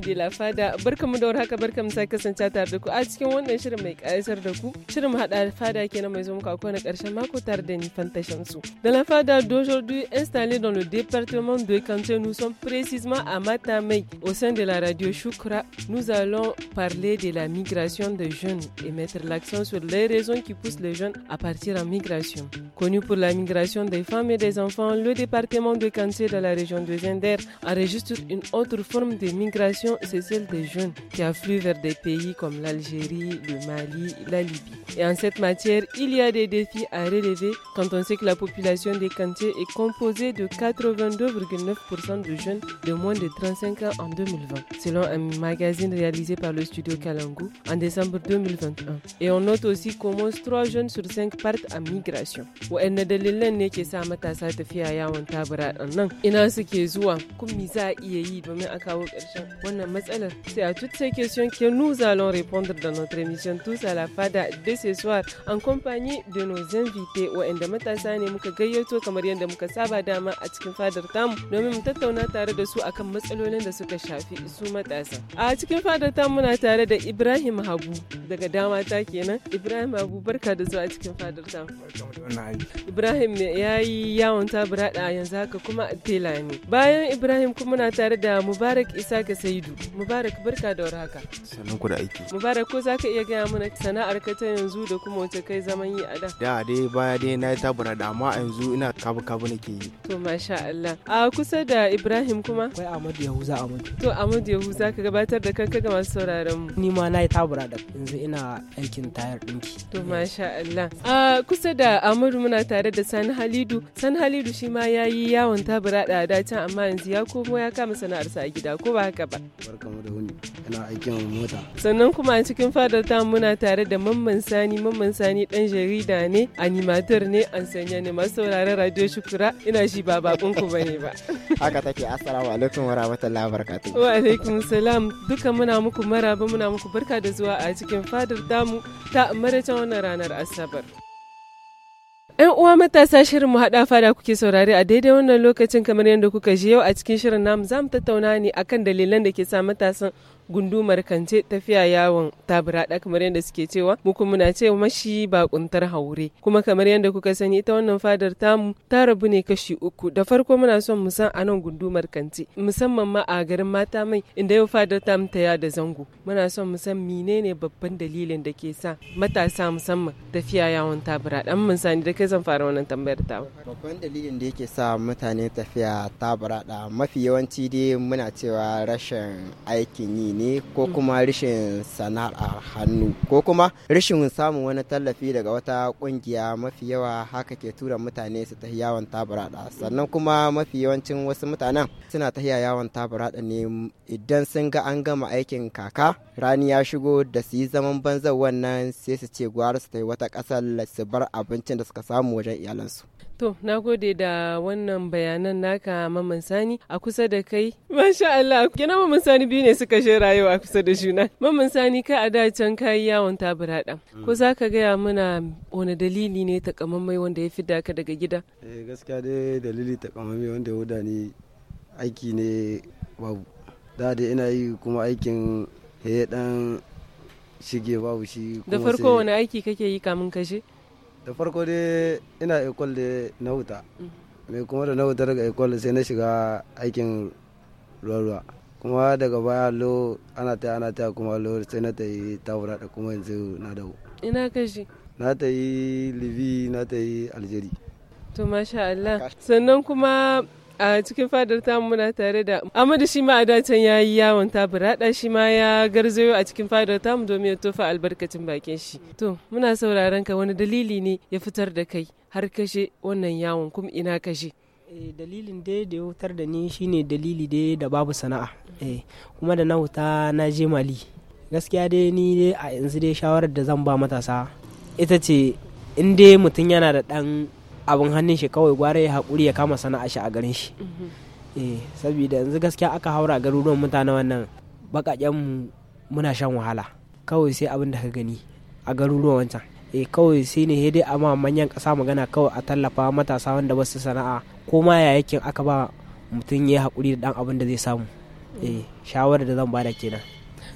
de la fada barkamu la d'aujourd'hui installée dans le département de Kanté nous sommes précisément à Matamey, au sein de la radio Choukra nous allons parler de la migration des jeunes et mettre l'accent sur les raisons qui poussent les jeunes à partir en migration connu pour la migration des femmes et des enfants le département de Kanté dans la région de Zender enregistre une autre forme de migration c'est celle des jeunes qui affluent vers des pays comme l'Algérie, le Mali, la Libye. Et en cette matière, il y a des défis à relever quand on sait que la population des cantiers est composée de 82,9% de jeunes de moins de 35 ans en 2020, selon un magazine réalisé par le studio Kalangu en décembre 2021. Et on note aussi comment moins 3 jeunes sur 5 partent en migration. ina wannan matsalar. sai a toutes ces questions que nous allons répondre dans notre émission Tous à la Fada de ce soir en compagnie de nos invités waɗanda matasa ne muka gayyato kamar yadda muka saba dama a cikin fadar tamu domin mu tattauna tare da su akan matsalolin da suka shafi su matasa. A cikin fadar tamu muna tare da Ibrahim Habu daga dama ta kenan. Ibrahim Habu barka da zuwa cikin fadar tamu. Ibrahim ne ya yi yawon tabura yanzu haka kuma tela ne. Bayan Ibrahim kuma muna tare da Mubarak Isa ka Kasayi Sa'idu. Mubarak barka da warhaka. Sannan ku da aiki. Mubarak ko za ka iya gaya mana sana'ar ka ta yanzu da kuma wace kai zaman yi a da? Da dai baya dai na yi tabura da amma yanzu ina kabu kabu nake yi. To masha Allah. A kusa da Ibrahim kuma? Wai Ahmadu Yahuza Ahmadu. To Ahmadu Yahuza ka gabatar da kanka ga masu sauraron mu. Ni ma na yi tabura da yanzu ina aikin tayar ɗinki. To masha Allah. A kusa da Amadu muna tare da Sani Halidu. Sani Halidu shi ma ya yi yawon tabura da can amma yanzu ya komo ya kama sana'arsa a gida ko ba haka ba. barkamu da wuni ina aikin mota sannan kuma a cikin fadar ta muna tare da mamman sani mamman sani dan jarida ne animator ne an sanya ne masu sauraron radio shukura ina shi ba bakon ku bane ba haka take assalamu alaikum wa rahmatullahi wa barakatuh wa alaikum salam duka muna muku maraba muna muku barka da zuwa a cikin fadar mu ta maraicen wannan ranar asabar 'Yan uwa matasa shirin mu haɗa fada kuke saurare a daidai wannan lokacin kamar yadda kuka ji yau a cikin shirin namu za mu tattauna ne akan dalilan da ke sa matasan gundumar kance tafiya yawon tabirada kamar yadda suke cewa mu kuma muna ce mashi bakuntar haure kuma kamar yadda kuka sani ita wannan fadar tamu ta rabu ne kashi uku da farko muna son mu san anan gundumar kance musamman ma a garin mata mai inda yau fadar tamu ta yada zango muna son mu san menene babban dalilin da ke sa matasa musamman tafiya yawon tabirada mun sani da kai zan fara wannan tambayar ta babban dalilin da yake sa mutane tafiya tabirada mafi yawanci dai muna cewa rashin aikin yi ne ko kuma rashin sana'ar hannu ko kuma rashin samun wani tallafi daga wata kungiya mafi yawa haka ke tura mutane su tafi yawon tabarada sannan kuma mafi yawancin wasu mutanen suna tafiya yawon tabarada ne idan sun ga an gama aikin kaka rani ya shigo da su yi zaman banza wannan sai su ce gwara su tafi wata ƙasar su bar abincin da suka samu wajen iyalansu To, na gode da wannan bayanan naka mamansani sani a kusa da kai. Masha Allah, gina mamansani biyu ne suka shira. a kusa da juna. Mamman Sani ka a da can kayi yawon taburaɗa. Mm. Ko za ka gaya mana wani dalili ne takamammai wanda ya fidda ka daga gida? Eh gaskiya dai dalili takamammai wanda ya wuda ni aiki ne babu. Da da ina yi kuma aikin ya dan shige babu shi. Da farko wani aiki kake yi kamun kashe? Da farko dai ina ekol da na wuta. Mai mm. kuma da na wuta daga ekol sai na shiga aikin ruwa-ruwa. kuma daga baya lo ana ta ana ta kuma lo sai na ta yi tawura da kuma yanzu na dawo ina ka shi na ta yi livi na ta yi aljeri to masha Allah sannan kuma a cikin fadar ta muna tare da amadu shi ma a dacen ya yi yawon tabirada shi ma ya garzayo a cikin fadar mu domin ya tofa albarkacin bakin shi to muna sauraron ka wani dalili ne ya fitar da kai har kashe wannan yawon kuma ina kashe Eh, dalilin dai da ya wutar da ni shine dalili dai da babu sana'a eh, kuma da na wuta na je mali gaskiya dai ni a yanzu dai shawarar da zan ba matasa ita ce in dai mutum yana da ɗan abin hannun shi kawai gwara ya haƙuri ya kama sana'a shi a garin shi e saboda yanzu gaskiya aka haura garuruwan mutane wannan baƙaƙen muna shan wahala kawai sai abin da ka gani a garuruwan wancan e kawai sai ne dai a manyan kasa magana kawai a tallafa matasa wanda ba su sana'a ko ma ya aka ba mutum ya haƙuri da ɗan abin da zai samu e shawarar da zan bada kenan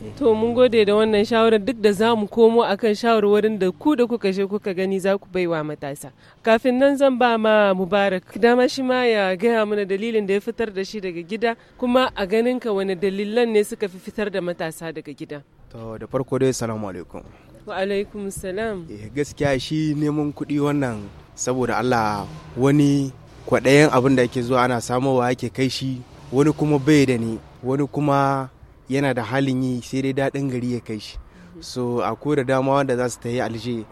eh. to mun gode da wannan shawarar duk da za mu komo akan shawarwarin da ku da kuka je kuka gani za ku baiwa matasa kafin nan zan ba ma mubarak dama shi ma ya gaya mana dalilin da ya fitar da shi daga gida kuma a ganin ka wani dalilan ne suka fi fitar da matasa daga gida to da farko dai salamu alaikum Wa alaikum salam. Eh, gaskiya shi neman kuɗi wannan saboda Allah wani kwaɗayan abin da ake zuwa ana samowa ake kai shi wani kuma bai da ni wani kuma yana da halin yi sai dai daɗin gari ya kai shi. So akwai da dama wanda za su tafi alje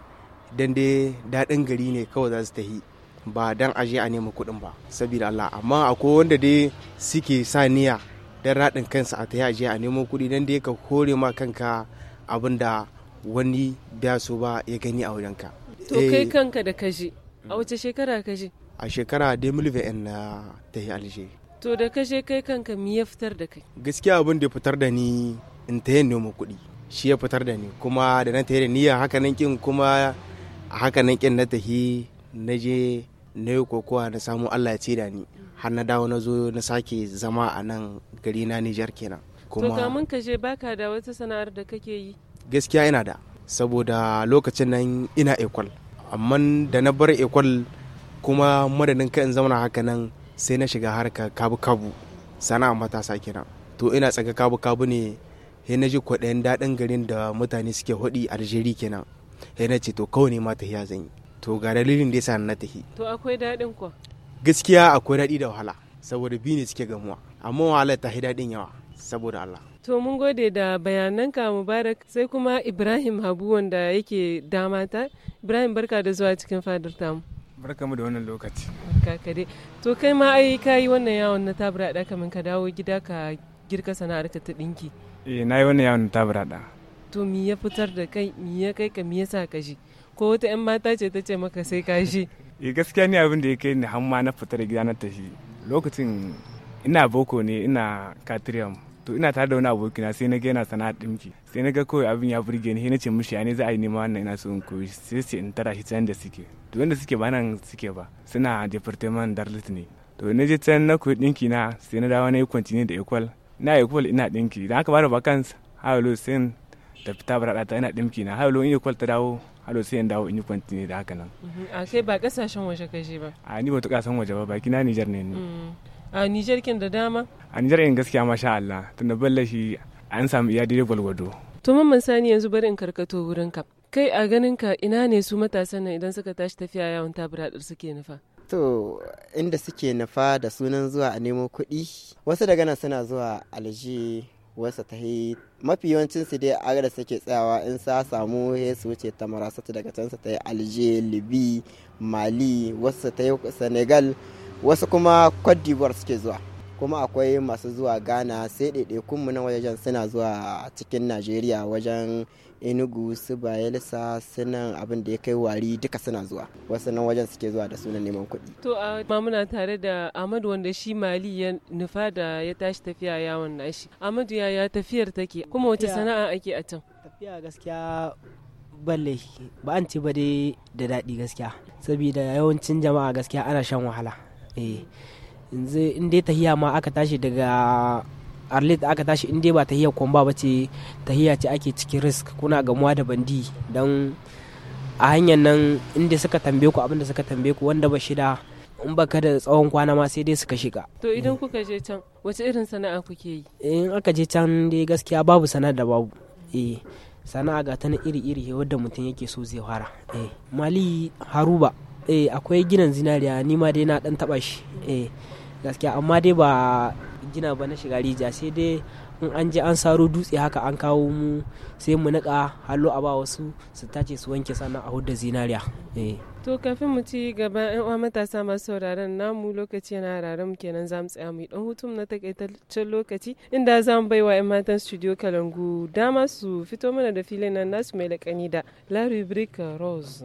dan dai daɗin gari ne kawai za su tafi. ba dan aje a nema kuɗin ba saboda Allah amma akwai wanda dai suke sa niyya dan raɗin kansa a tayi aje a nemo kuɗi dan dai ka kore ma kanka abin da wani biya so ba ya gani a wajenka to kai eh, kanka da kaji a wace shekara kaji a shekara in na ta yi alje to da kaje kai kanka mi ya fitar da kai gaskiya abin da fitar da ni in ta yi noma kuɗi shi ya fitar da ni kuma da na ta yi da niyyar haka nan kin kuma a haka nan kin na ta yi na je na yi kokowa na samu Allah ya ce da ni har na dawo na zo na sake zama a nan gari na Nijar kenan. to kamun kaje baka da wata sana'ar da kake yi? gaskiya ina da saboda lokacin nan ina ekwal amma da na bar ekwal kuma madadin kai in zauna haka nan sai na shiga harka kabu kabu sana'a matasa kenan to ina tsaka kabu kabu ne sai na ji kwaɗayin daɗin garin da mutane suke hudi aljeri kenan sai na ce to kawai ne ma tahiya zan yi to ga dalilin da yasa na tahi to akwai daɗin ko gaskiya akwai daɗi da wahala saboda biyu ne suke gamuwa amma wahala ta daɗin yawa saboda Allah To mun gode da bayananka Mubarak sai kuma Ibrahim Habu wanda yake damata. Ibrahim barka da zuwa cikin fadar tamu. Barka mu da wannan lokaci. Barka ka dai. To kai ma ai ka yi wannan yawon na tabura da kamin ka dawo gida ka girka sana'ar ka ta dinki. Eh na yi wannan yawon na tabura da. To mi ya fitar da kai mi ya kai ka mi ya sa ka shi. Ko wata 'yan mata ce ta ce maka sai ka shi. Eh gaskiya ni abin da ya kai ni hamma na fitar da gida na tashi. Lokacin ina boko ne ina katriyam to ina tare da wani abokina sai na ga yana sana'ar dinki sai na ga kawai abin ya burge ni sai na ce mushi ya ne za a yi nema wannan ina so in koyi sai ce in tara shi can da suke to wanda suke ba nan suke ba suna department darlit ne to na je can na koyi dinki na sai na dawo na yi kwantini da ekwal na ekwal ina dinki idan aka da vacance halo sai ta fita bara ta ina dinki na halo in equal ta dawo halo sai in dawo in yi continue da haka nan mhm. a kai ba kasashen waje ka je ba a ni ba ta kasan waje ba baki na nijar ne ne mm. a nijar kin da dama a nijar in gaskiya masha Allah tunda ballashi an samu iya daidai gwalgwado to mamman sani yanzu bari in karkato wurin ka kai a ganin ka ina ne su matasan nan idan suka tashi tafiya yawon taburadar suke nufa to inda suke nufa da sunan zuwa a nemo kuɗi wasu daga nan suna zuwa alji wasu ta yi mafi yawancin su dai agada suke tsayawa in sa samu ya su wuce ta marasatu daga can su ta yi alje libi mali wasu ta yi senegal wasu kuma cote d'ivoire suke zuwa kuma akwai masu zuwa ghana sai ɗaiɗaikunmu na wajen suna zuwa cikin najeriya wajen enugu su bayelsa sunan abin da ya kai wari duka suna zuwa wasu nan wajen suke zuwa da sunan neman kuɗi to a muna tare da amadu wanda shi mali ya nufa da ya tashi tafiya yawon nashi amadu yaya tafiyar take kuma wace sana'a ake a can tafiya gaskiya balle ba an ci ba dai da daɗi gaskiya saboda yawancin jama'a gaskiya ana shan wahala Eh, in dai tahiya ma aka tashi daga arlet aka tashi in dai ba tahiyar kwamba ba ce tahiya ce ake cikin risk kuna gamuwa da bandi don a hanyar nan inda suka tambaye ku abinda suka tambaye ku wanda ba shida in baka da tsawon kwana ma sai dai suka shiga to idan kuka je can wace irin sana'a kuke yi eh, in aka je can dai gaskiya babu sana'a da babu eh sana'a ga ta iri-iri wadda mutum yake so zai fara eh mali haruba eh akwai ginan zinariya ni ma dai na dan taba shi eh gaskiya amma dai ba gina ba na shiga rijiya sai dai in an je an saro dutse haka an kawo mu sai mu nika hallo a ba wasu su tace su wanke sannan a hudda zinariya eh. to kafin mu ci gaba yan uwa matasa masu sauraron namu lokaci yana rarar mu kenan zamu tsaya mu dan hutun na takaitaccen lokaci inda zamu wa yan matan studio Kalangu dama su fito mana da filin nan nasu mai lakani da larry brick Rose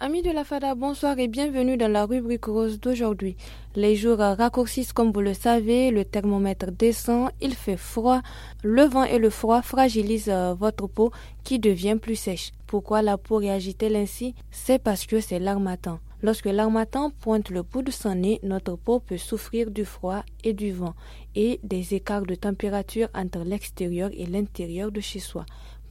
Amis de la FADA, bonsoir et bienvenue dans la rubrique rose d'aujourd'hui. Les jours raccourcissent comme vous le savez, le thermomètre descend, il fait froid, le vent et le froid fragilisent euh, votre peau qui devient plus sèche. Pourquoi la peau réagit-elle ainsi C'est parce que c'est l'armatan. Lorsque l'armatan pointe le bout de son nez, notre peau peut souffrir du froid et du vent et des écarts de température entre l'extérieur et l'intérieur de chez soi.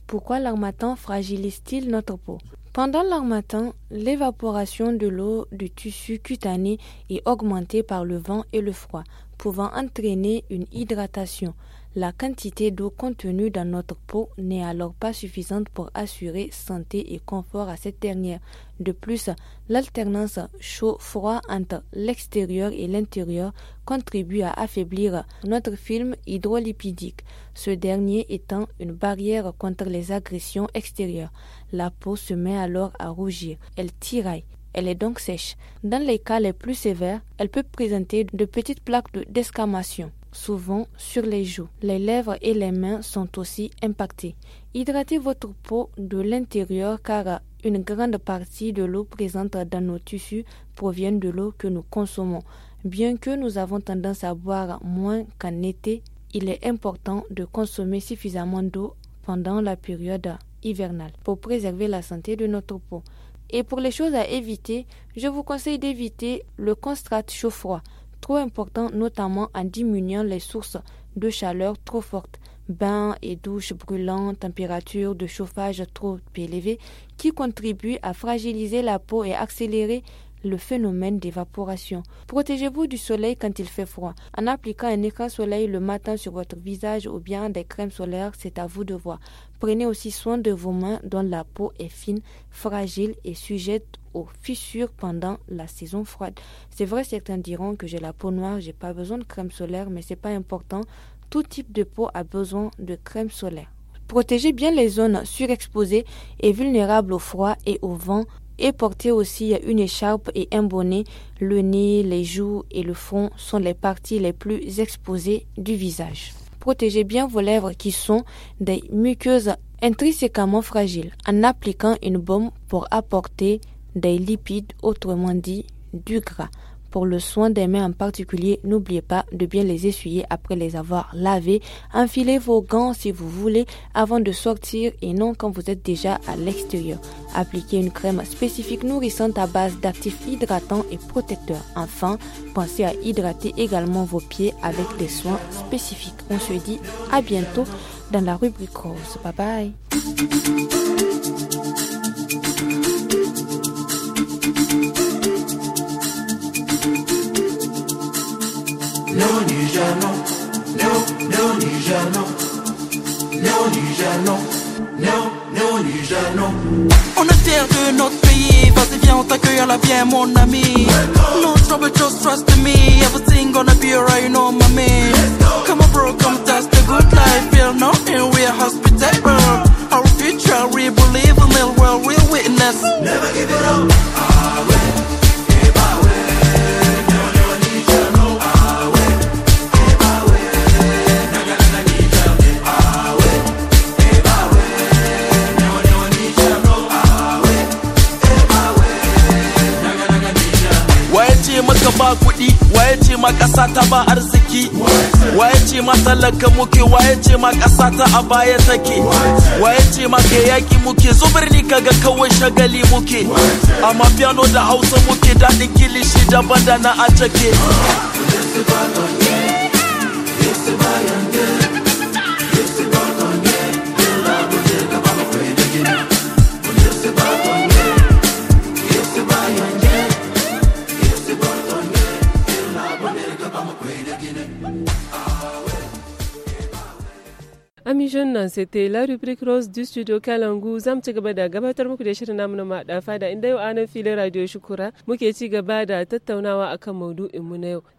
Pourquoi l'armatan fragilise-t-il notre peau pendant matin, l'évaporation de l'eau du tissu cutané est augmentée par le vent et le froid, pouvant entraîner une hydratation. La quantité d'eau contenue dans notre peau n'est alors pas suffisante pour assurer santé et confort à cette dernière. De plus, l'alternance chaud-froid entre l'extérieur et l'intérieur contribue à affaiblir notre film hydrolipidique, ce dernier étant une barrière contre les agressions extérieures. La peau se met alors à rougir, elle tiraille, elle est donc sèche. Dans les cas les plus sévères, elle peut présenter de petites plaques d'escamation souvent sur les joues. Les lèvres et les mains sont aussi impactées. Hydratez votre peau de l'intérieur car une grande partie de l'eau présente dans nos tissus provient de l'eau que nous consommons. Bien que nous avons tendance à boire moins qu'en été, il est important de consommer suffisamment d'eau pendant la période hivernale pour préserver la santé de notre peau. Et pour les choses à éviter, je vous conseille d'éviter le constrate chaud-froid important, notamment en diminuant les sources de chaleur trop fortes, bains et douches brûlantes, températures de chauffage trop élevées, qui contribuent à fragiliser la peau et accélérer le phénomène d'évaporation. Protégez-vous du soleil quand il fait froid. En appliquant un écran soleil le matin sur votre visage ou bien des crèmes solaires, c'est à vous de voir. Prenez aussi soin de vos mains dont la peau est fine, fragile et sujette aux fissures pendant la saison froide. C'est vrai, certains diront que j'ai la peau noire, j'ai pas besoin de crème solaire, mais c'est pas important. Tout type de peau a besoin de crème solaire. Protégez bien les zones surexposées et vulnérables au froid et au vent et portez aussi une écharpe et un bonnet. Le nez, les joues et le front sont les parties les plus exposées du visage. Protégez bien vos lèvres qui sont des muqueuses intrinsèquement fragiles en appliquant une bombe pour apporter des lipides, autrement dit du gras. Pour le soin des mains en particulier, n'oubliez pas de bien les essuyer après les avoir lavées. Enfilez vos gants si vous voulez avant de sortir et non quand vous êtes déjà à l'extérieur. Appliquez une crème spécifique nourrissante à base d'actifs hydratants et protecteurs. Enfin, pensez à hydrater également vos pieds avec des soins spécifiques. On se dit à bientôt dans la rubrique rose. Bye bye. On est fiers de notre pays, vas-y viens on t'accueille à la bien mon ami. No trouble, just trust me, everything gonna be alright, you know mommy. Come on bro, come test the good life, feel no and we're hospitable. Our future, we believe in it. world, we witness. Never give it up. Ah, ma ƙasa ta ba arziki waye ce ma talaka muke waye ce ma ƙasa ta a baya take waye ce ma ke yaƙi muke zubirni kaga kawai shagali muke amma piano da hausa muke daɗin kilishi daban da na a take c'était la rubrique rose du studio kalangu zam ci gaba da gabatar muku da fada inda yau anan radio shukura muke ci gaba da tattaunawa akan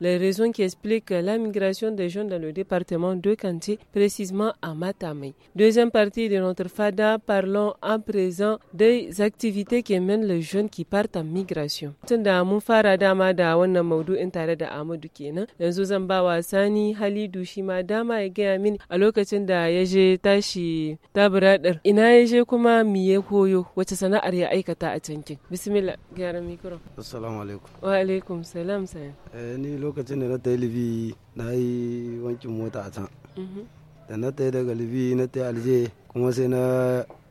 les raisons qui expliquent la migration des jeunes dans le département de Kanti, précisément à Matame deuxième partie de notre fada parlons à présent des activités qui mènent les jeunes qui partent en migration tunda mun fara dama da wannan maudu'in tare da kenan yanzu zan ba Sani Halidu shi ma dama ya ga mini a lokacin da tashi ta biradar ina ya je kuma miye koyo wace sana'ar ya aikata a kin bismillah gyara mikro assalamu alaikum wa alaikum salam sayan eh, ni lokacin da na yi libi na yi wankin mota a can mhm. da na yi daga libi na yi alje kuma sai na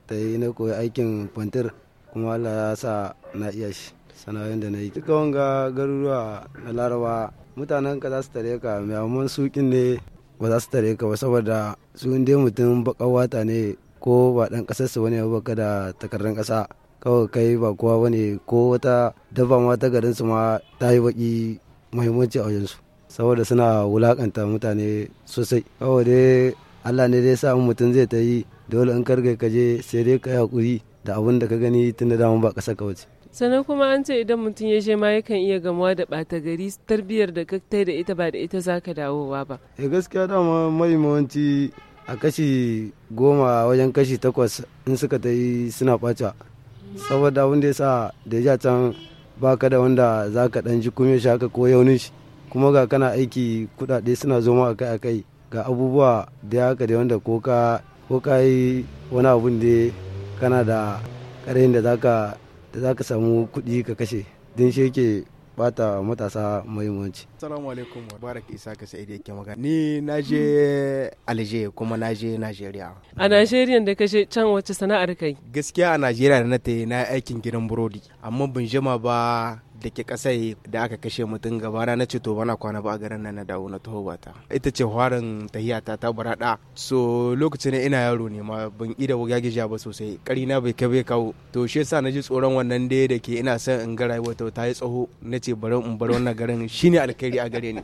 ta yi na koyi aikin fantir kuma Allah ya sa na iya shi sana'o'in da na yi duka wanga garuruwa na laraba mutanen ka za su tare ka mai amman sukin ne ba za su tare ka ba saboda su inda mutum bakan wata ne ko ba dan kasar su wani ba da takardar kasa kawai kai ba kowa bane ko wata dabba ma ta garin su ma ta yi baki muhimmanci a wajensu saboda suna wulakanta mutane sosai kawai dai Allah ne dai sa mutum zai ta yi dole in karga ka je sai dai ka yi hakuri da abin da ka gani tun da dama ba kasar ka wuce sannan kuma an ce idan mutum ya je ma yakan iya gamuwa da ɓata gari tarbiyyar da ka da ita ba da ita zaka dawowa ba ya eh, gaskiya dama mahimmanci a kashi goma wajen kashi takwas in suka ta yi suna ɓaca saboda wanda ya sa da ya can ba ka da wanda za ka ɗan ji ya sha ka ko yaunin shi kuma ga kana aiki kuɗaɗe suna zo ma akai akai ga abubuwa da haka da wanda ko ka yi wani abun da kana da ƙarayin da za ka da za ka samu kuɗi ka kashe don shi yake bata matasa mahimmanci. Assalamu alaikum Barak Isa ka sai yake magana. Ni na je Alje kuma na je Najeriya. A Najeriya da kashe can wace sana'ar kai? Gaskiya a Najeriya da na yi na aikin gidan burodi amma ban jima ba da ke kasai da aka kashe mutum gaba na ce to bana kwana ba a garin nan na dawo na taho bata ita ce farin tahiya ta barada so lokacin ina yaro ne ma ban ida gagija ba sosai kari na bai kai bai kawo to shi yasa na ji tsoron wannan da da ke ina son in ga rayuwa ta ta yi tsaho na ce bari in bar wannan garin shine alkhairi a gare ni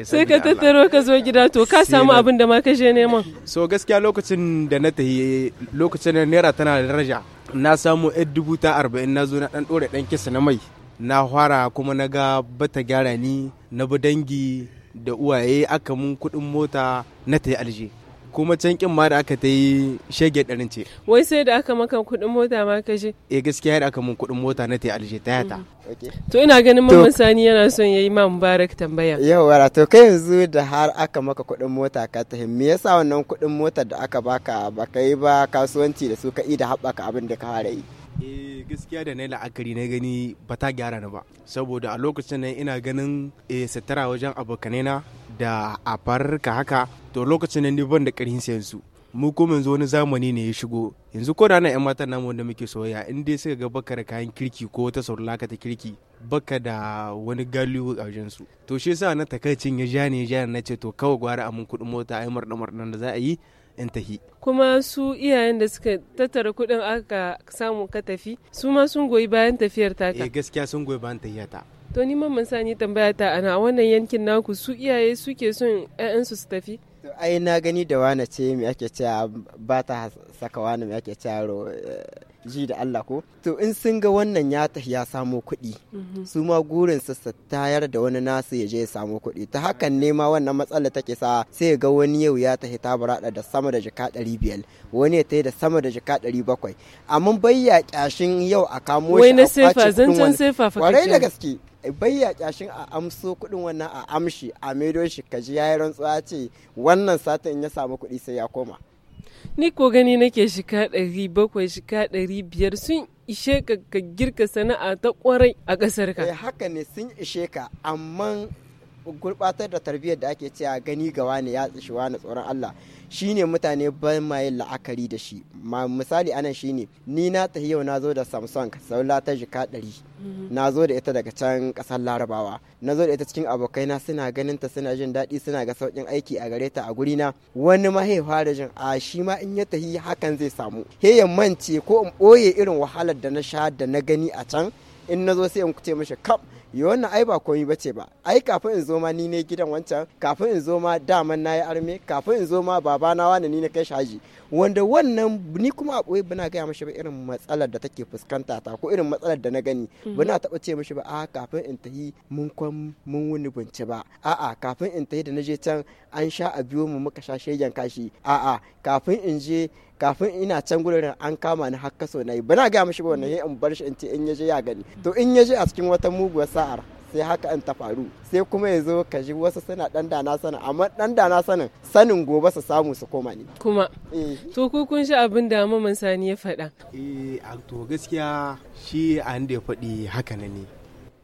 sai ka tattaro ka zo gida to ka samu abin da ma kashe neman so gaskiya lokacin da na tahi lokacin da naira tana da daraja na samu yar dubu ta arba'in na zo na ɗan ɗora ɗan kisa na mai na fara kuma na ga bata gyara ni na bi dangi da uwaye aka mun kuɗin mota na ta yi alje kuma can kin ma da aka ta yi shege ɗarin ce wai sai da aka maka kuɗin mota ma ka je eh gaskiya da aka mun kuɗin mota na ta alje ta yata mm. to ina ganin mamman sani yana son ya yi ma mubarak tambaya yawwa to kai yanzu da har aka maka kuɗin mota ka ta me yasa wannan kuɗin mota da aka baka baka yi ba kasuwanci da su ka da haɓaka abin da ka fara yi eh, gaskiya da na la'akari na gani ba ta gyara ni ba saboda a lokacin nan ina ganin e eh, satara wajen abokanai na da a afarka haka to lokacin nan ni ban da ƙarfin sayan su mu ko yanzu wani zamani ne ya shigo yanzu ko da na yan matan namu wanda muke soyayya in dai suka ga baka da kayan kirki ko wata sauralaka ta kirki baka da wani galihu a wajen su to shi yasa na takaicin ya ja ne ya na ce to kawai gwara a mun kuɗin mota ai marɗa marɗan da za a yi in tahi kuma su iyayen da suka tattara kuɗin aka samu ka tafi su ma sun goyi bayan tafiyar taka eh gaskiya sun goyi bayan tafiyar ta to ni mamman sani tambaya ta ana wannan yankin naku su iyaye suke son ƴaƴansu su tafi ai na gani da wane ce me ake cewa ba ta saka wane me ake cewa eh, ji da Allah ko to in sun ga wannan ya tafi ya samo kuɗi mhm. su ma gurin su tayar da wani nasu ya je ya samo kuɗi ta hakan ne ma wannan matsala take sa sai ga wani yau ya tafi ta burada da sama da jika ɗari biyar wani ya tafi da sama da jika ɗari bakwai amma bai ya kyashin yau a kamo shi a fashin kuɗin wani kwarai da gaske bayya kyashin a amso kuɗin wannan a amshi a maido shi kaji ya yi rantsuwa ce wannan satin in ya samu kuɗi sai ya koma ni ko gani nake shika ɗari bakwai shika ɗari biyar sun ishe ka girka sana'a ta kwarai a ƙasar ka eh, haka ne sun ishe ka amma gurbatar da tarbiyyar da ake cewa gani ga wani ya tsishi wani tsoron Allah shine mutane ban ma yin la'akari da shi ma misali anan shine ni na tahi yau na zo da Samsung saula ta jika ɗari mm-hmm. na zo da ita daga can ƙasar Larabawa na zo da ita cikin abokai na suna ganin ta suna jin daɗi suna ga sauƙin aiki a gare ta a guri na wani mahaifa da jin a shi ma in ya tahi hakan zai samu he ya mance ko in ɓoye irin wahalar da na sha da na gani a can in na zo sai in kuce mishi kap yi wannan ai ba komai bace ba ai kafin in zo ma ni ne gidan wancan kafin in zo ma daman na yi arme kafin in zo ma baba na wani ni na kai shaji wanda wannan ni kuma a ɓoye bana gaya mishi ba irin matsalar da take fuskanta ta ko irin matsalar da na gani mhm. bana taɓa ce mishi ba a kafin in tahi mun kwan mun wuni bunci ba a'a kafin in tahi da na je can an sha a biyo mu muka sha shegen kashi a'a kafin in je kafin ina can gudunar an kama ni har kaso yi bana mashi mashi wannan ya in bar shi in ce in yaje ya gani to in yaje a cikin wata muguwar sa'ar sai haka in ta faru sai kuma ya zo ka ji wasu suna dan dana sanin amma dan dana sanin sanin gobe su samu su koma ne kuma eh. to ku kun shi abin da mamman sani ya faɗa eh to gaskiya shi an da ya faɗi haka ne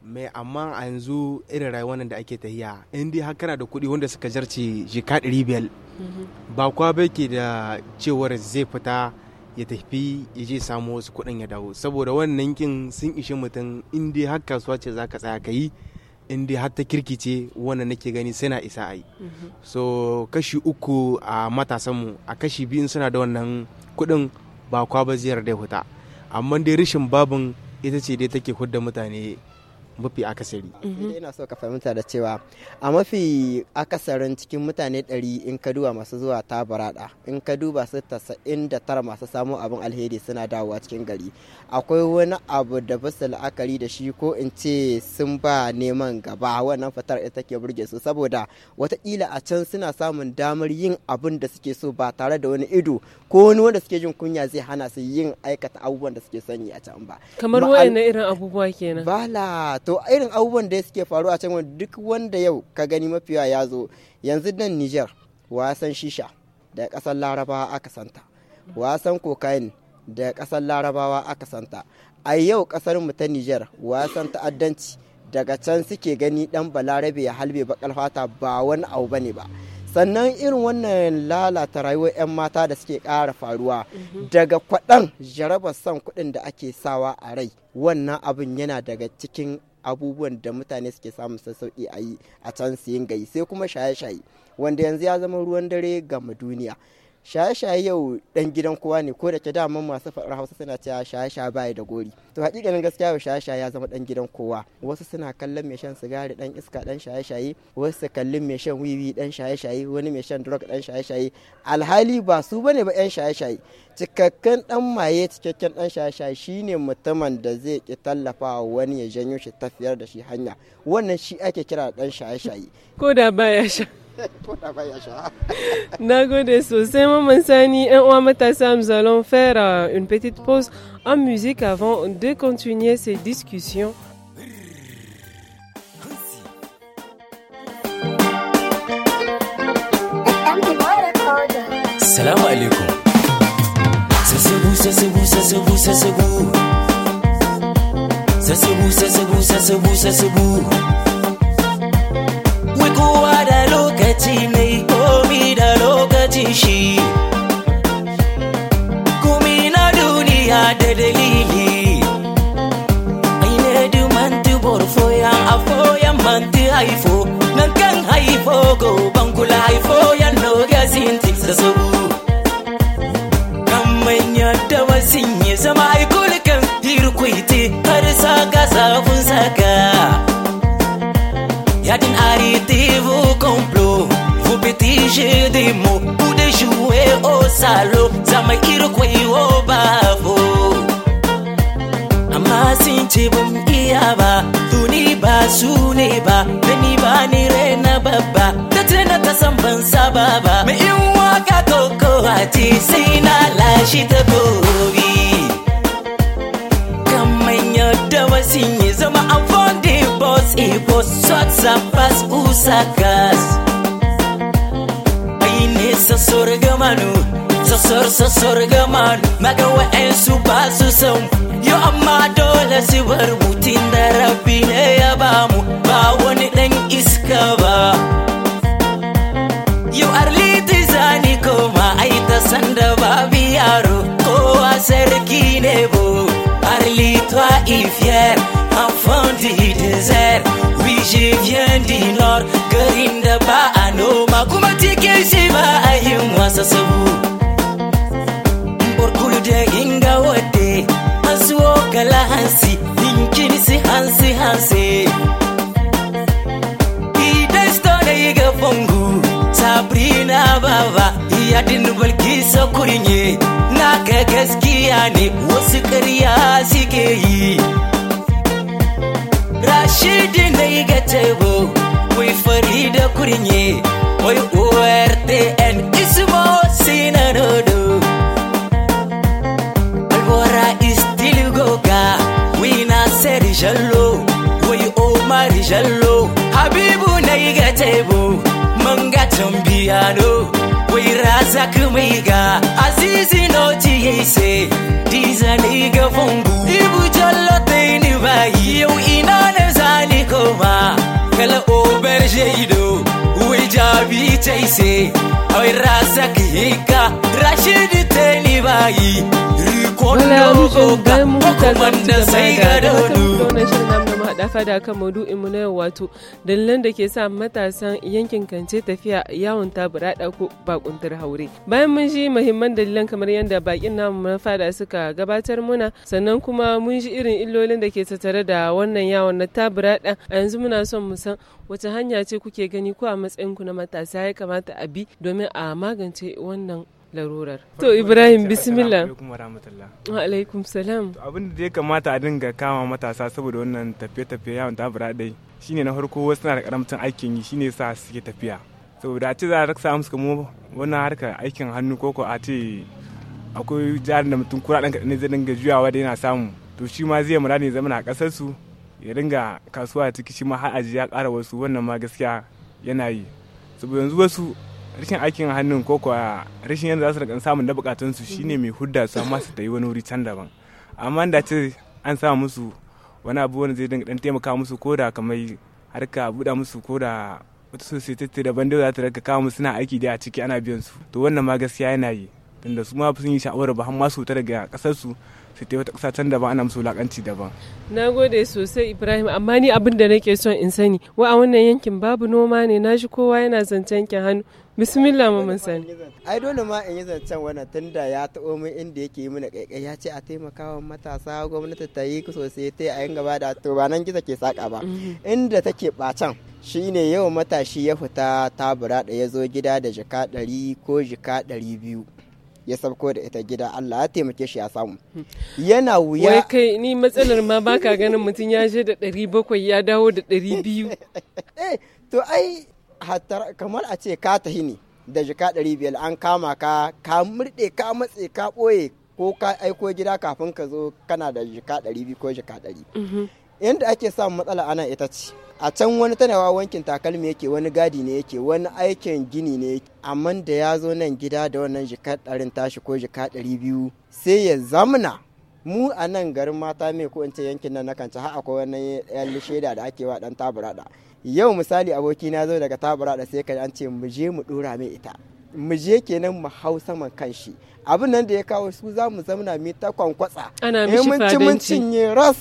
mai amma a yanzu irin rayuwar da ake tahiya in dai har kana da kuɗi wanda suka jarci jika ɗari biyar mhm. ba kwa bai ke da cewar zai fita ya tafi ya je samu wasu kuɗin ya dawo saboda wannan kin sun ishi mutum in dai har kasuwa ce za ka tsaya ka yi in dai har ta kirkice wannan nake gani suna isa a yi mhm. so kashi uku a matasanmu a kashi biyu suna da wannan kuɗin ba kwa ba ziyar da fita. amma dai rashin babin ita ce dai take hudda mutane mafi akasari mhm. ina so ka fahimta da cewa a mafi akasarin cikin mutane ɗari in ka duba masu zuwa ta barada in ka duba su tara masu samun abin alheri suna dawowa cikin gari akwai wani abu da basu la'akari da shi ko in ce sun ba neman gaba wannan fatar ita take burge su saboda watakila a can suna samun damar yin abin da suke so ba tare da wani ido ko wani wanda suke jin kunya zai hana su yin aikata abubuwan da suke sanyi a can ba kamar wayannan irin abubuwa kenan bala to irin abubuwan da suke faru a can duk wanda yau ka gani mafiya ya zo yanzu nan niger wasan shisha da kasar larabawa aka santa wasan kokain da kasar larabawa aka santa a yau kasar mu ta niger wasan ta'addanci daga can suke gani dan balarabe ya halbe bakal fata ba wani abu bane ba sannan irin wannan lalata rayuwar 'yan mata da suke kara faruwa mhm. daga kwaɗan jarabar son kuɗin da ake sawa a rai wannan abin yana daga cikin abubuwan da mutane suke samun sassauƙi a yi a can siyin gai sai kuma shaye-shaye wanda yanzu ya zama ruwan dare ga duniya shaye-shaye yau dan gidan kowa ne ko da ke dama masu faɗar hausa suna cewa shaye-shaye baya da gori to hakikanin gaskiya yau shaye-shaye ya zama dan gidan kowa wasu suna kallon mai shan sigari dan iska dan shaye-shaye wasu kallon mai shan wiwi dan shaye-shaye wani mai shan drug dan shaye-shaye alhali ba su bane ba yan shaye-shaye cikakken dan maye cikakken dan shaye-shaye shine mutumin da zai ki tallafa wani ya janyo shi tafiyar da shi hanya wannan shi ake kira dan shaye-shaye ko da baya sha c'est nous allons faire euh, une petite pause en musique avant de continuer ces discussions. Salam alaikum. Ça c'est vous, ça c'est vous, ça c'est vous, ça c'est vous. Ça c'est vous, ça c'est vous, ça c'est vous, ça c'est vous. lokaci ne komi da lokaci shi kumi na duniya da dalili ai ne du mantu borfo ya afo ya mantu haifo nan kan haifo go bangula haifo ya no gazin tiksa sabu kan manya da wasin ya zama aikulukan hirkuiti har saka safun saka Yadin ari tivu complot demo udeshuwe osalo zama irkwewo bafo amma sun ce ban iya ba tuni ba su ne ba ni ba ni rena baba ta ce na ta san ban ba mai in waka koko a ce sai na lashe ta gobe kamar da wasu yi zama a fondin boss e boss sotsa fast usa gas sorgamaanu sosor sosorgamaan magawa'een subbaasusamu yoo ammaa doola si barbuutiin darabbiin yabaamu baawwan dhan iskabaa. Yoo arliiti isaanii koomaa ayita sandabaa biyyaaru koowaa sarkiin eeboo arliitwaa ifyeer anfaan diideezeer wiijee vyeen diinoor gariin ba ma kuma cikin shi ba a yi wasa sabu burkulu da inga wadde hasuwo kala hansi dinkin si hansi hansi idan sto da yi ga fungu sabrina baba iya din bulki kurinye na ka gaskiya ne wasu karya suke yi rashidi na yi ga tebo wai fari da kurinye tebo manga tambiano wai raza kumai ga azizi no tiye se diza ne ga fungu ibu jallo tai ni bayi ina ne zani koma kala ober jeido wai jabi tai se raza kika rashidi tai ni bayi rikon da ugoka ko kuma da sai ga fada-fada kan mu na yau wato dalilan da ke sa matasan yankin kance tafiya yawon taburada ko bakuntar haure. Bayan mun ji muhimman dalilan kamar yadda bakin namu na fada suka gabatar muna sannan kuma mun ji irin illolin da ke tattare da wannan yawon na taburada a yanzu muna son mu san wace hanya ce kuke gani ko a matsayin ku na matasa ya kamata a bi domin a magance wannan larurar. To Ibrahim bismillah. Wa alaikum salam. Abin da ya kamata a dinga kama matasa saboda wannan tafiye-tafiye yawon tabura dai shine na farko wasu na da karamcin aikin yi shine sa suke tafiya. Saboda a ce za a raksa su kamo wannan harkar aikin hannu ko ko a ce akwai jarin da mutum kura ɗan kaɗan zai dinga juyawa da yana samu to shi ma zai mura ne zama a ƙasar su ya dinga kasuwa ciki shi ma har ya ƙara wasu wannan ma gaskiya yana yi. Saboda yanzu wasu rashin aikin hannun ko kuwa rashin yadda za su rika samun da bukatunsu mhm. shine mai hudda su amma su ta yi wani wuri can daban amma da ce an sa musu wani abu wani zai dan taimaka musu ko da kamar harka buɗa musu ko da wata sosai ta daban da za ta rika kawo musu suna aiki da a ciki ana biyan su to wannan ma gaskiya yana yi tunda su ma sun yi sha'awar ba har ma su ta daga kasar su su ta wata kusa can daban ana musu wulaƙanci daban. Na gode sosai Ibrahim amma ni abin da nake son in sani wa a wannan yankin babu noma ne na shi kowa yana zancen ki hannu bismillah mun sani. Ai dole ma in yi zancen wannan tunda ya taɓo min inda yake yi mana ƙaiƙai ya ce a taimaka wa matasa gwamnati ta yi sosai ta a yin gaba da to ba nan gizo ke saƙa ba mm-hmm. inda take ɓacan. shine yau matashi ya fita tabura da ya zo gida da jika ɗari ko jika ɗari biyu ya sabko da ita gida Allah ya taimake shi ya samu yana wuya wai kai ni matsalar ma baka ganin mutum ya je da ɗari bakwai ya dawo da ɗari biyu eh, to ai kamar a ce ka tahi ne da jika ɗari biyar an kama ka ka murɗe ka matse ka ɓoye ko ka aiko gida kafin ka zo kana da jika ɗari biyu ko jika ɗari mhm. yanda ake samun matsala ana ita ce a can wani tanawa wankin takalmi yake wani gadi ne yake wani aikin gini ne amma da ya zo nan gida da wannan jika ɗarin tashi ko jika ɗari biyu sai ya zamna mu a nan garin mata mai ko in ce yankin nan na kanci har akwai wani yan shaida da ake wa dan taburada yau misali aboki na zo daga taburada sai ka an ce mu je mu dora mai ita mu je kenan mu hau saman kanshi abin nan da ya kawo su za mu zamna mu ta kwankwatsa ana mishi mun mun cinye ras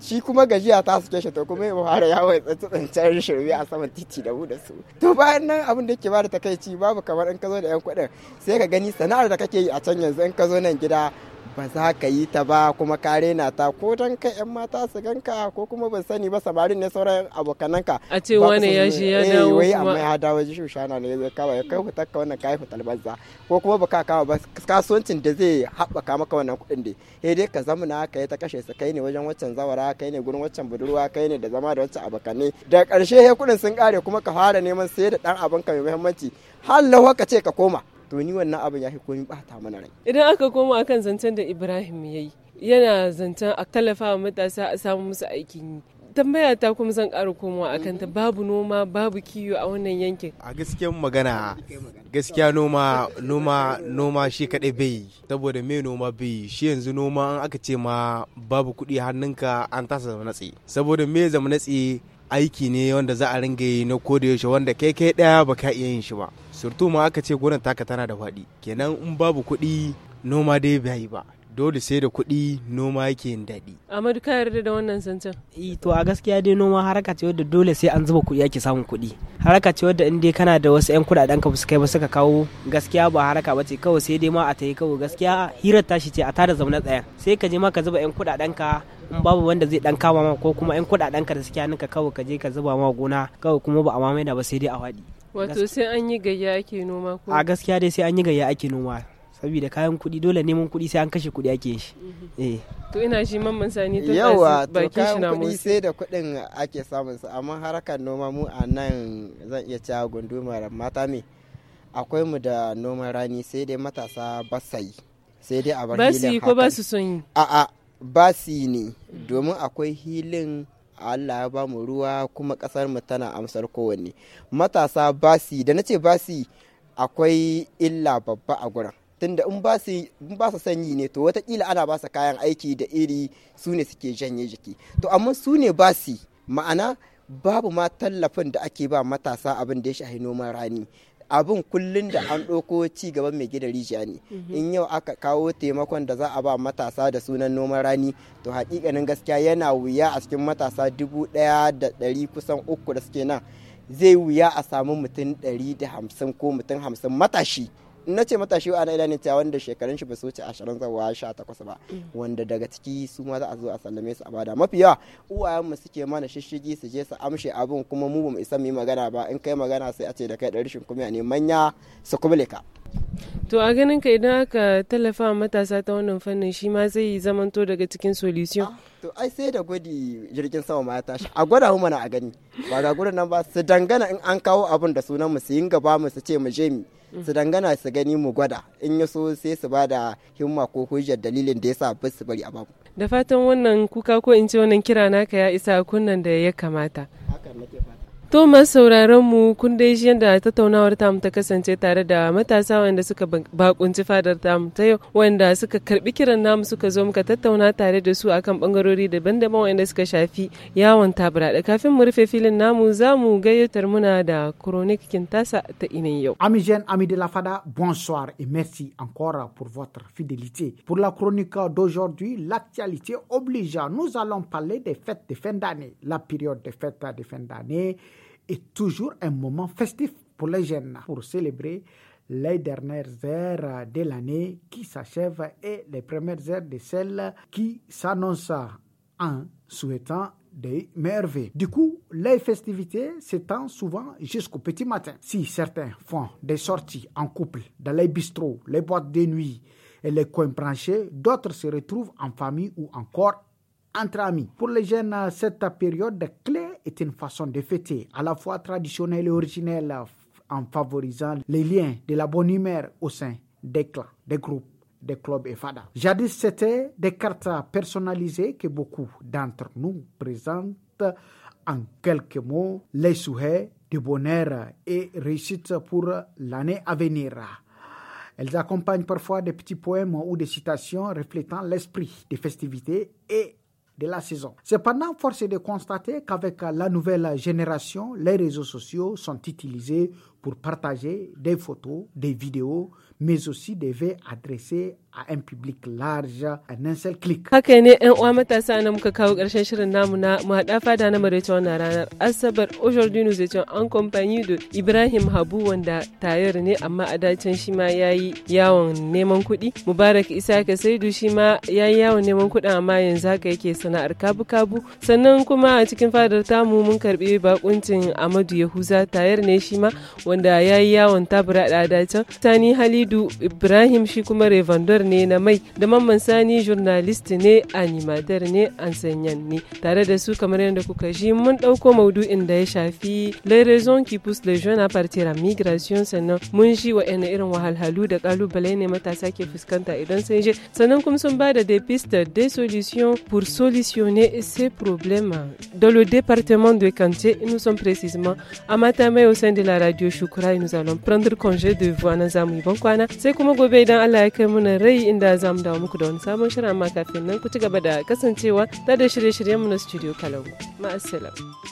shi kuma gajiya ta suke shi to kuma ya fara yawo ya tsantsar shirme a saman titi da da su to bayan nan abin da yake bada takaici babu kamar in ka zo da yan kuɗin sai ka gani sana'ar da kake yi a can yanzu in ka zo nan gida ba za ka yi ta ba kuma ka rena ta ko dan ka yan mata su ganka ko kuma ban sani ba samarin ne sauran abokananka a ce wani ya shi ya eh, dawo wai amma ya dawo ji shushana ne zai kawo ya kai hutar ka wannan kai hutar banza ko kuma ba ka kawo ba kasuwancin da zai haɓaka maka wannan kuɗin da sai dai ka zamana ka yi ta kashe su kai ne wajen waccan zawara kai ne gurin waccan budurwa kai ne da zama da waccan abokanai da ƙarshe he kuɗin sun ƙare kuma ka fara neman sai da ɗan abinka mai muhimmanci har lawa ka ce ka koma to ni wannan abin ya fi komi bata mana rai idan aka koma akan zancen da ibrahim ya yi yana zancen a tallafa wa matasa a samu musu aikin yi tambaya ta kuma zan ƙara komawa a kanta mm-hmm. babu noma babu kiwo a wannan yankin a gaskiyar magana gaskiya noma noma noma shi kaɗai bai yi saboda me noma bai yi shi yanzu noma an aka ce ma babu kuɗi hannunka an tasa zama natsi saboda me zama natsi aiki ne wanda za a ringa yi na koda yaushe wanda kai kai daya ba ka iya yin shi ba surtu ma aka ce gonan taka tana da faɗi kenan in babu kuɗi noma dai ba yi ba dole sai da kuɗi noma yake yin daɗi. Amadu ka yarda da wannan zancen? Eh to a gaskiya dai noma haraka ce wadda dole sai an zuba kuɗi ake samun kuɗi. Haraka ce wadda in dai kana da wasu 'yan kuɗaɗen ka kai ba suka kawo gaskiya ba haraka ba ce kawai sai dai ma a tayi kawai gaskiya hirar tashi ce a tada zaune tsaye sai ka je ma ka zuba 'yan kuɗaɗen ka babu wanda zai dan kama ma ko kuma yan kudaden ka da suke hannunka kawai ka je ka zuba ma gona kawai kuma ba a mamaye da ba sai dai a wadi. wato sai an yi gayya ake noma ko a gaskiya dai sai an yi gayya ake noma saboda kayan kuɗi dole neman kuɗi sai an kashe kuɗi ake shi mm-hmm. eh to ina shi mamman sani to yawa to kayan kuɗi sai da kuɗin ake samun su amma harkar noma mu a nan zan iya cewa gundumar mata me akwai mu da noman rani sai dai matasa ba sai dai a bar ba su yi ko ba su son yi a'a basi ne domin akwai hilin Allah ya ba mu ruwa kuma kasar mu tana amsar kowanne matasa basi da na ce basi akwai illa babba a gurin tunda in basa ba su sanyi ne to watakila ana ba su kayan aiki da iri su ne suke janye jiki to amma su ne ba su ma'ana babu ma tallafin da ake ba matasa abin da ya shahi noman rani abin kullun da an ɗauko ci gaban mai gida rijiya ne mhm. in yau aka kawo taimakon da za a ba matasa da sunan noman rani to hakikanin gaskiya yana wuya a cikin matasa dubu ɗaya da ɗari kusan uku da suke nan zai wuya a samu mutum ɗari da hamsin ko mutum hamsin matashi na ce matashi ana idanin ta wanda shekarun shi ba su wuce 20 zuwa 18 ba wanda daga ciki su ma za a zo a sallame su a bada mafi yawa uwayen mu suke mana shishigi su je su amshe abin kuma mu ba mu isa mu magana ba in kai magana sai a ce da kai da rashin kuma ne manya su kubule ka To a ganin ka idan aka tallafa matasa ta wannan fannin shi ma zai zamanto daga cikin solution. Ah, to ai sai da gwadi jirgin sama ma ya tashi a gwada mu mana a gani ba ga gurin nan ba su dangana in an kawo abun da sunan mu su yin gaba mu su ce mu je mu su dangana su gani mu gwada in ya so sai su ba da himma ko hujjar dalilin da ya sa su bari a babu da fatan wannan kuka ko in ce wannan kira naka ya isa kunnan da ya kamata Thomas sauraron mu kun dai shi yadda tattaunawar Tam ta kasance tare da matasa wanda suka bakunci fadar tamu ta yau wanda suka karbi kiran namu suka zo muka tattauna tare da su akan bangarori daban-daban wanda suka shafi yawon tabura kafin mu rufe filin namu za mu gayyatar muna da chronic kintasa ta inin yau. Ami Jean, ami de la Fada, bonsoir et merci encore pour votre fidélité. Pour la chronique d'aujourd'hui, l'actualité obligeant, nous allons parler des fêtes de fin d'année, la période de fêtes de fin d'année est toujours un moment festif pour les jeunes, pour célébrer les dernières heures de l'année qui s'achève et les premières heures de celle qui s'annonce en souhaitant des merveilles. Du coup, les festivités s'étendent souvent jusqu'au petit matin. Si certains font des sorties en couple dans les bistrots, les boîtes de nuit et les coins branchés, d'autres se retrouvent en famille ou encore entre amis. Pour les jeunes, cette période clé est une façon de fêter, à la fois traditionnelle et originelle, en favorisant les liens de la bonne humeur au sein des clans, des groupes des clubs et fada. Jadis, c'était des cartes personnalisées que beaucoup d'entre nous présentent en quelques mots les souhaits de bonheur et réussite pour l'année à venir. Elles accompagnent parfois des petits poèmes ou des citations reflétant l'esprit des festivités et la saison. Cependant, force est de constater qu'avec la nouvelle génération, les réseaux sociaux sont utilisés pour partager des photos, des vidéos, mais aussi des vœux adressés a yan public large a nan sel click haka ne yan uwa matasa na muka kawo karshen shirin namu na mu hada fada na maraice wannan ranar asabar aujourd'hui nous étions en compagnie de Ibrahim Habu wanda tayar ne amma a dacen shi ma yayi yawon neman kuɗi Mubarak Isaka Saidu shi ma yayi yawon neman kuɗi amma yanzu haka yake sana'ar kabu-kabu sannan kuma a cikin fadar tamu mun karbi bakuncin Amadu Yahuza tayar ne shi ma wanda yayi yawon tabura da dacen Sani Halidu Ibrahim shi kuma Revandor na mai da mamman sani journalist ne animator ne enseignant ne tare da su kamar yadda kuka ji mun dauko maudu'in da ya shafi les raisons qui poussent les jeunes à partir à migration sannan mun ji wa wa'anne irin wahalhalu da kalubale ne matasa ke fuskanta idan sun je sannan kuma sun bada des pistes des solutions pour solutionner ces problèmes dans le département de Kanté nous sommes précisément à Matame au sein de la radio Shukura et nous allons prendre congé de vous Anazamui Bonkwana sai kuma gobe idan Allah ya kai mu yi inda za mu dawo muku da wani sabon shirin amma kafin nan ku ci gaba da kasancewa da shirye mu na studio Kalangu. ma'asalam